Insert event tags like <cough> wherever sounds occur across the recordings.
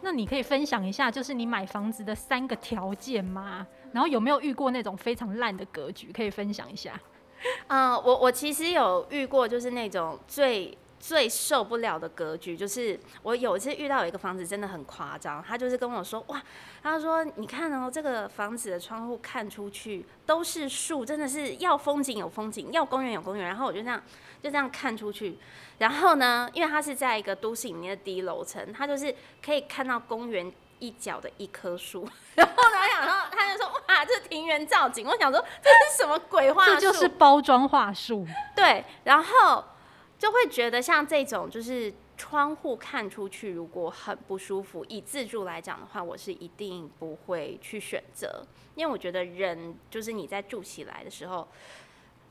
那你可以分享一下，就是你買房子的三個條件嗎？然後有沒有遇過那種非常爛的格局，可以分享一下？嗯、呃，我我其實有遇過，就是那種最。最受不了的格局就是，我有一次遇到有一個房子真的很誇張，他就是跟我說，哇，他說你看哦、喔，這個房子的窗戶看出去都是樹，真的是要風景有風景，要公園有公園。然後我就這樣就這樣看出去，然後呢，因為它是在一個都市裡面的低樓層，他就是可以看到公園一角的一棵樹。 <laughs> 然後我想說，他就說哇，這是庭園造景。我想說這是什麼鬼話？這就是包裝話術。對，然後。就會覺得像這種就是窗戶看出去如果很不舒服。以自住來講的話，我是一定不會去選擇，因為我覺得人就是你在住起來的時候，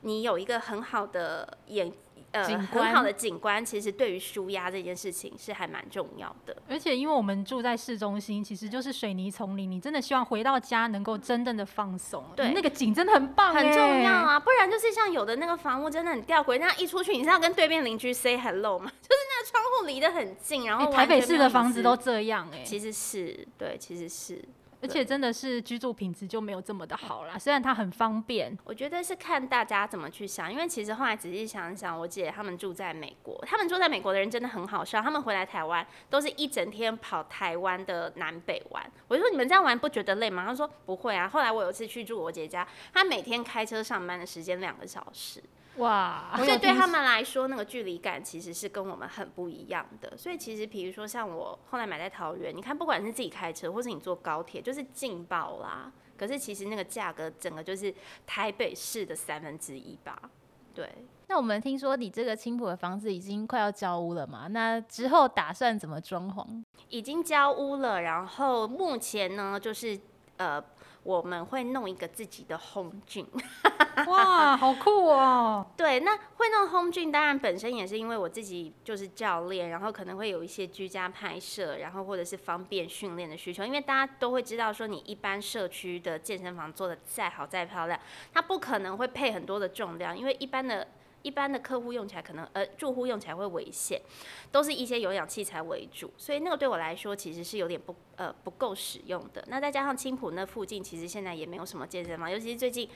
你有一個很好的眼。呃，景觀，很好的景觀，其實對於舒壓這件事情是還蠻重要的。而且因為我們住在市中心，其實就是水泥叢林，你真的希望回到家能夠真正的放鬆。對，欸，那個景真的很棒，欸，很重要啊。不然就是像有的那個房屋真的很弔詭，人家一出去，你是要跟對面鄰居 say hello 嘛，就是那個窗戶離得很近，然後，欸，台北市的房子都這樣哎，欸，其實是對，其實是。而且真的是居住品質就沒有這麼的好啦。嗯，雖然它很方便。我覺得是看大家怎麼去想，因為其實後來仔細想一想，我姐他們住在美國，他們住在美國的人真的很好笑，他們回來台灣都是一整天跑台灣的南北玩。我就說你們這樣玩不覺得累嗎？他說不會啊。後來我有一次去住我姐家，她每天開車上班的時間兩個小時。哇，所以對他們來說，那個距離感其實是跟我們很不一樣的。所以其實，比如說像我後來買在桃園，你看，不管是自己開車，或是你坐高鐵，就是勁爆啦。可是其實那個價格，整個就是台北市的三分之一吧。對。那我們聽說你這個青埔的房子已經快要交屋了嘛？那之後打算怎麼裝潢？已經交屋了，然後目前呢，就是呃。我們會弄一個自己的 home gym。哇，好酷哦！ <laughs> 對，那會弄 home gym，當然本身也是因為我自己就是教練，然後可能會有一些居家拍攝，然後或者是方便訓練的需求。因為大家都會知道說，你一般社區的健身房做得再好再漂亮，它不可能會配很多的重量，因為一般的。一般的客戶用起來可能，呃，住戶用起來會危險，都是一些有氧器材為主，所以那個對我來說其實是有點不，呃，不夠使用的。那再加上青埔那附近其實現在也沒有什麼健身房，尤其是最近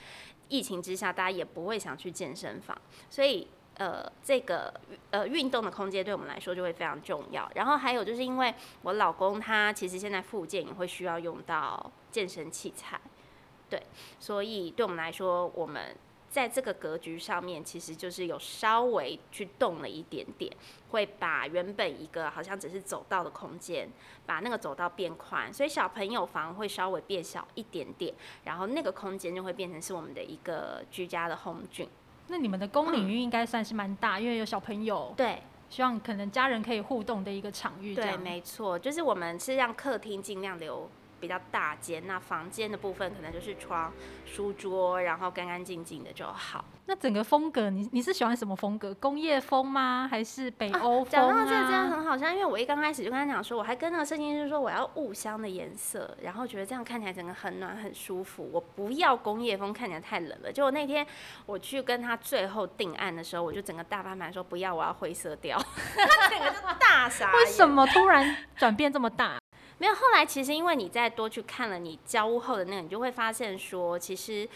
疫情之下，大家也不會想去健身房，所以，呃，這個，呃，運動的空間對我們來說就會非常重要。然後還有就是因為我老公他其實現在復健也會需要用到健身器材，對，所以對我們來說，我們。在這個格局上面，其實就是有稍微去動了一點點，會把原本一個好像只是走道的空間，把那個走道變寬，所以小朋友房會稍微變小一點點，然後那個空間就會變成是我們的一個居家的 home gym。那你們的公領域應該算是蠻大，嗯、因為有小朋友。對，希望可能家人可以互動的一個場域。對，沒錯，就是我們是讓客廳盡量留，比較大間，那房間的部分可能就是床、書桌，然後乾乾淨淨的就好。那整個風格，你你是喜歡什麼風格？工業風嗎？還是北歐風啊？啊講到這個真的很好笑，因為我一剛開始就跟他講說，我還跟那個設計師說我要霧香的顏色，然後覺得這樣看起來整個很暖很舒服。我不要工業風，看起來太冷了。結果那天我去跟他最後定案的時候，我就整個大翻盤說不要，我要灰色調。 <laughs> 他整個就大傻眼，為什麼突然轉變這麼大？沒有，後來其實因為你再多去看了你交屋後的那個，你就會發現說，其實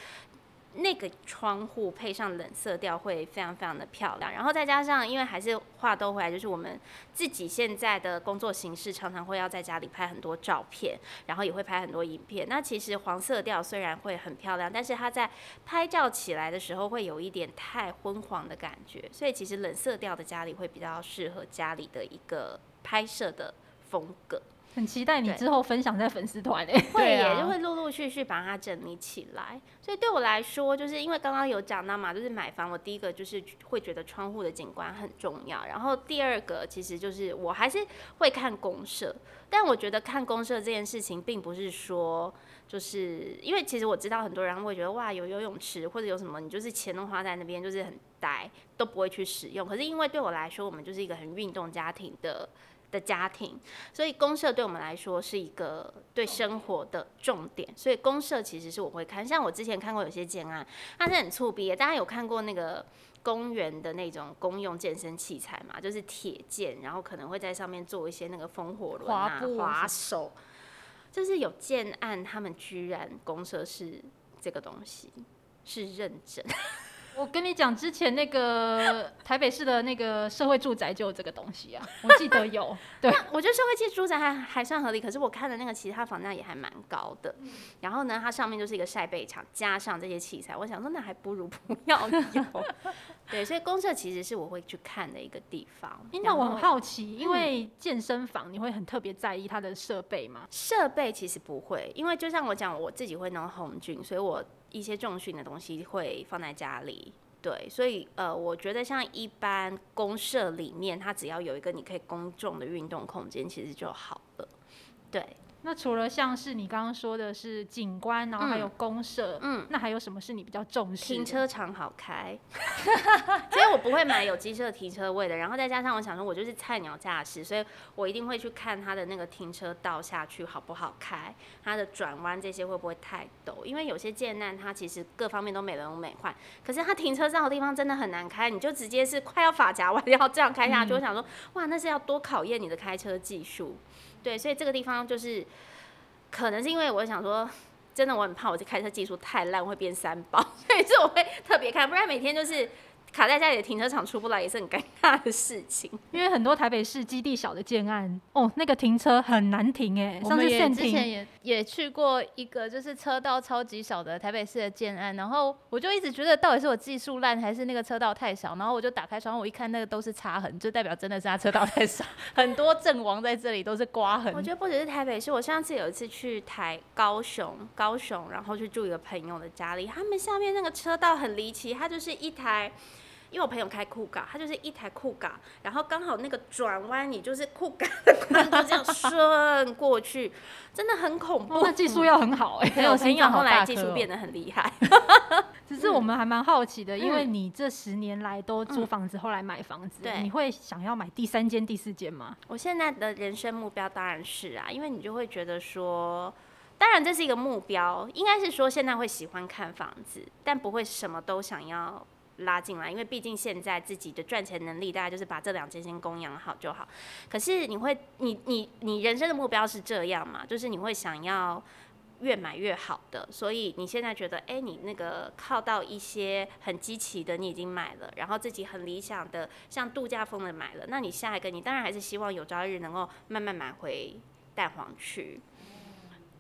那個窗戶配上冷色調會非常非常的漂亮。然後再加上，因為還是話都回來，就是我們自己現在的工作形式，常常會要在家裡拍很多照片，然後也會拍很多影片。那其實黃色調雖然會很漂亮，但是它在拍照起來的時候會有一點太昏黃的感覺。所以其實冷色調的家裡會比較適合家裡的一個拍攝的風格。很期待你之後分享在粉絲團誒。會耶，就會陸陸續續把它整理起來。所以對我來說，就是因為剛剛有講到嘛，就是買房，我第一個就是會覺得窗戶的景觀很重要。然後第二個，其實就是我還是會看公設，但我覺得看公設這件事情，並不是說就是因為其實我知道很多人會覺得哇，有游泳池或者有什麼，你就是錢都花在那邊，就是很呆，都不會去使用。可是因為對我來說，我們就是一個很運動家庭的的家庭，所以公設對我們來說是一個對生活的重點。所以公設其實是我會看，像我之前看過有些建案，它是很粗逼。大家有看過那個公園的那種公用健身器材嘛？就是鐵劍，然後可能會在上面做一些那個風火輪啊、滑，布滑手，就是有建案，他們居然公設是這個東西，是認證。 <laughs> 我跟你講，之前那個台北市的那個社會住宅就有這個東西啊， <laughs> 我記得有。對，我覺得社會其實住宅還還算合理，可是我看的那個其他房價也還蠻高的。嗯、然後呢，它上面就是一個曬被場，加上這些器材，我想說那還不如不要有。 <laughs> 對，所以公社其實是我會去看的一個地方。欸、那我很好奇，因為健身房你會很特別在意它的設備嗎？設、嗯、備其實不會，因為就像我講，我自己會弄紅軍，所以我。一些重訓的東西會放在家裡，對，所以呃，我覺得像一般公設裡面，它只要有一個你可以公眾的運動空間，其實就好了，對。那除了像是你剛剛說的是景觀，然後還有公社，嗯，嗯，那還有什麼是你比較重視？停車場好開，所以 <laughs> <laughs> 我不會買有機車停車位的。 <laughs> 然後再加上我想說，我就是菜鳥駕駛，所以我一定會去看他的那個停車道下去好不好開，它的轉彎這些會不會太陡？因為有些建案，它其實各方面都美輪美奐，可是它停車上的地方真的很難開，你就直接是快要髮夾彎，要這樣開下去，嗯、我想說，哇，那是要多考驗你的開車技術。對，所以這個地方就是，可能是因為我想說，真的我很怕，我這開車技術太爛，我會變三包，所以這我會特別看，不然每天就是。卡在家裡的停車場出不來也是很尷尬的事情。因為很多台北市基地小的建案，哦，那個停車很難停哎。我也上次也之前也也去過一個就是車道超級小的台北市的建案，然後我就一直覺得到底是我技術爛還是那個車道太小？然後我就打開窗戶，我一看那個都是擦痕，就代表真的是他車道太少。 <laughs> 很多陣亡在這裡都是刮痕。我覺得不只是台北市，我上次有一次去台高雄高雄，然後去住一個朋友的家裡，他們下面那個車道很離奇，它就是一台。因為我朋友開酷咖，他就是一台酷咖，然後剛好那個轉彎，你就是酷咖就這樣順過去， <laughs> 真的很恐怖。哦、那技術要很好哎，欸，很有心有後來技術變得很厲害。 <laughs> 只是我們還蠻好奇的，嗯、因為你這十年來都租房子，嗯、後來買房子，對你會想要買第三間、第四間嗎？我現在的人生目標當然是啊，因為你就會覺得說，當然這是一個目標，應該是說現在會喜歡看房子，但不會什麼都想要。拉進來，因為畢竟現在自己的賺錢能力，大概就是把這兩間先供養好就好。可是你會，你你你人生的目標是這樣嘛？就是你會想要越買越好的，所以你現在覺得，誒、欸，你那個靠到一些很積極的，你已經買了，然後自己很理想的，像度假風的買了，那你下一個，你當然還是希望有朝一日能夠慢慢買回蛋黃區，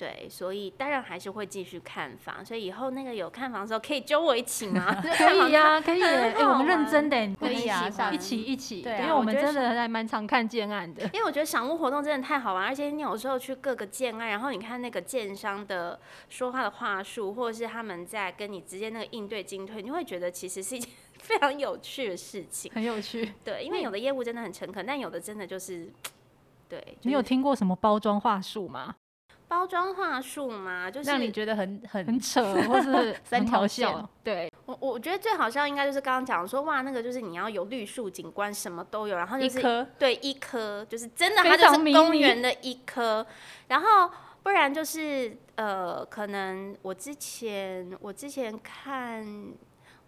對，所以當然還是會繼續看房，所以以後那個有看房的時候可以揪我一起嗎？ <laughs> 可以呀、啊，可以，哎、欸，我們認真的，可以一起，一起，一起、啊，因為我們真的還蠻常看建案的。因為我覺得賞屋活動真的太好玩，而且你有時候去各個建案，然後你看那個建商的說話的話術，或者是他們在跟你直接那個應對進退，你就會覺得其實是一件非常有趣的事情，很有趣。對，因為有的業務真的很誠懇，但有的真的就是，對，就是、你有聽過什麼包裝話術嗎？包裝話術嗎？就是讓你覺得很很扯，或是很 <laughs> 三條線。對，我我覺得最好笑應該就是剛剛講說，哇，那個就是你要有綠樹景觀，什麼都有，然後就是一棵對一棵，就是真的，它就是公園的一棵，然後不然就是呃，可能我之前我之前看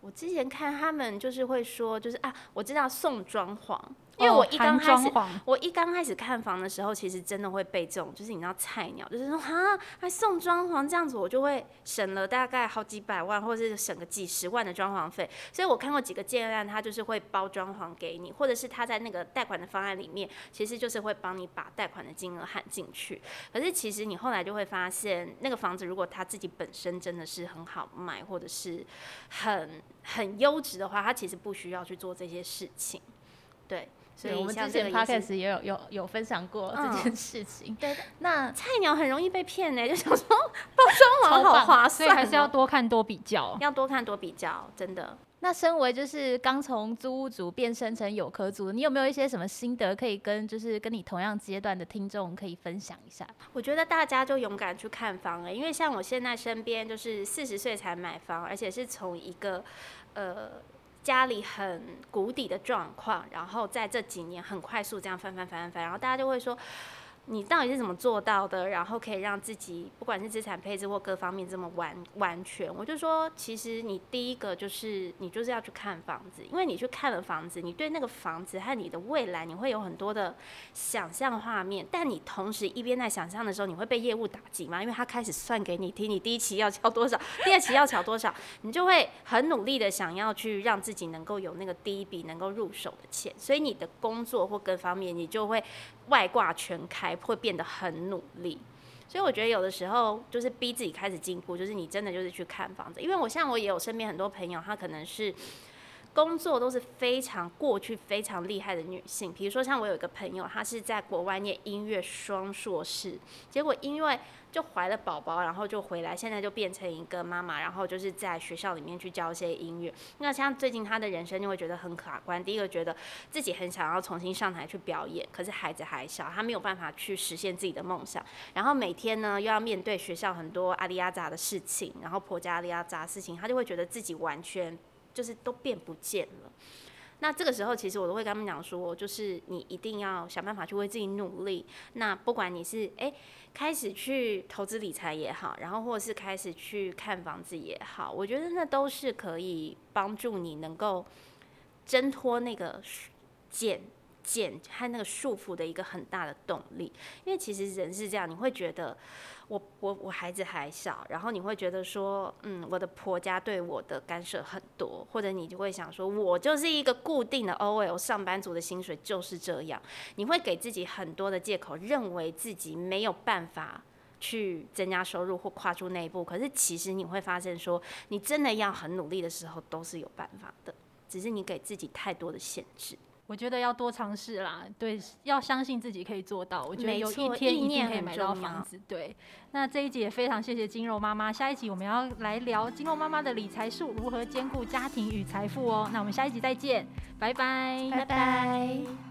我之前看他們就是會說，就是啊，我知道送裝潢。因為我一剛開始，我一剛開始看房的時候，其實真的會被這種，就是你知道菜鳥，就是說啊，還送裝潢這樣子，我就會省了大概好幾百萬，或者是省個幾十萬的裝潢費。所以我看過幾個建案，他就是會包裝潢給你，或者是他在那個貸款的方案裡面，其實就是會幫你把貸款的金額喊進去。可是其實你後來就會發現，那個房子如果他自己本身真的是很好賣，或者是很很優質的話，他其實不需要去做這些事情，對。所以我們之前 podcast 也有有有分享過這件事情。嗯、對的，那菜鳥很容易被騙呢、欸，就想說包裝好好划算、喔，所以還是要多看多比較，要多看多比較，真的。那身為就是剛從租屋族變身成有殼族，你有沒有一些什麼心得可以跟就是跟你同樣階段的聽眾可以分享一下？我覺得大家就勇敢去看房了、欸，因為像我現在身邊就是四十歲才買房，而且是從一個呃。家裡很谷底的狀況，然後在這幾年很快速這樣翻翻翻翻翻，然後大家就會說。你到底是怎麼做到的？然後可以讓自己不管是資產配置或各方面這麼完完全？我就說，其實你第一個就是你就是要去看房子，因為你去看了房子，你對那個房子和你的未來，你會有很多的想象畫面。但你同時一邊在想象的時候，你會被業務打擊嗎？因為他開始算給你聽，你第一期要繳多少，第二期要繳多少， <laughs> 你就會很努力的想要去讓自己能夠有那個第一筆能夠入手的錢，所以你的工作或各方面，你就會。外掛全開會變得很努力，所以我覺得有的時候就是逼自己開始進步，就是你真的就是去看房子，因為我像我也有身邊很多朋友，他可能是。工作都是非常過去非常厲害的女性，比如說像我有一個朋友，她是在國外念音樂雙碩士，結果因為就懷了寶寶，然後就回來，現在就變成一個媽媽，然後就是在學校裡面去教一些音樂。那像最近她的人生就會覺得很可觀，第一個覺得自己很想要重新上台去表演，可是孩子還小，她沒有辦法去實現自己的夢想。然後每天呢又要面對學校很多阿哩阿雜的事情，然後婆家阿哩阿雜的事情，她就會覺得自己完全。就是都變不見了。那這個時候，其實我都會跟他們講說，就是你一定要想辦法去為自己努力。那不管你是誒、欸、開始去投資理財也好，然後或是開始去看房子也好，我覺得那都是可以幫助你能夠掙脫那個繭，還他那個束縛的一個很大的動力，因為其實人是這樣，你會覺得我我我孩子還小，然後你會覺得說，嗯，我的婆家對我的干涉很多，或者你就會想說，我就是一個固定的 OL 上班族的薪水就是這樣，你會給自己很多的借口認為自己沒有辦法去增加收入或跨出那一步。可是其實你會發現說，你真的要很努力的時候，都是有辦法的，只是你給自己太多的限制。我覺得要多嘗試啦，對，要相信自己可以做到。我覺得有一天一定可以買到房子。對，那這一集也非常謝謝筋肉媽媽。下一集我們要來聊筋肉媽媽的理財術，如何兼顧家庭與財富哦、喔。那我們下一集再見，拜拜，拜拜。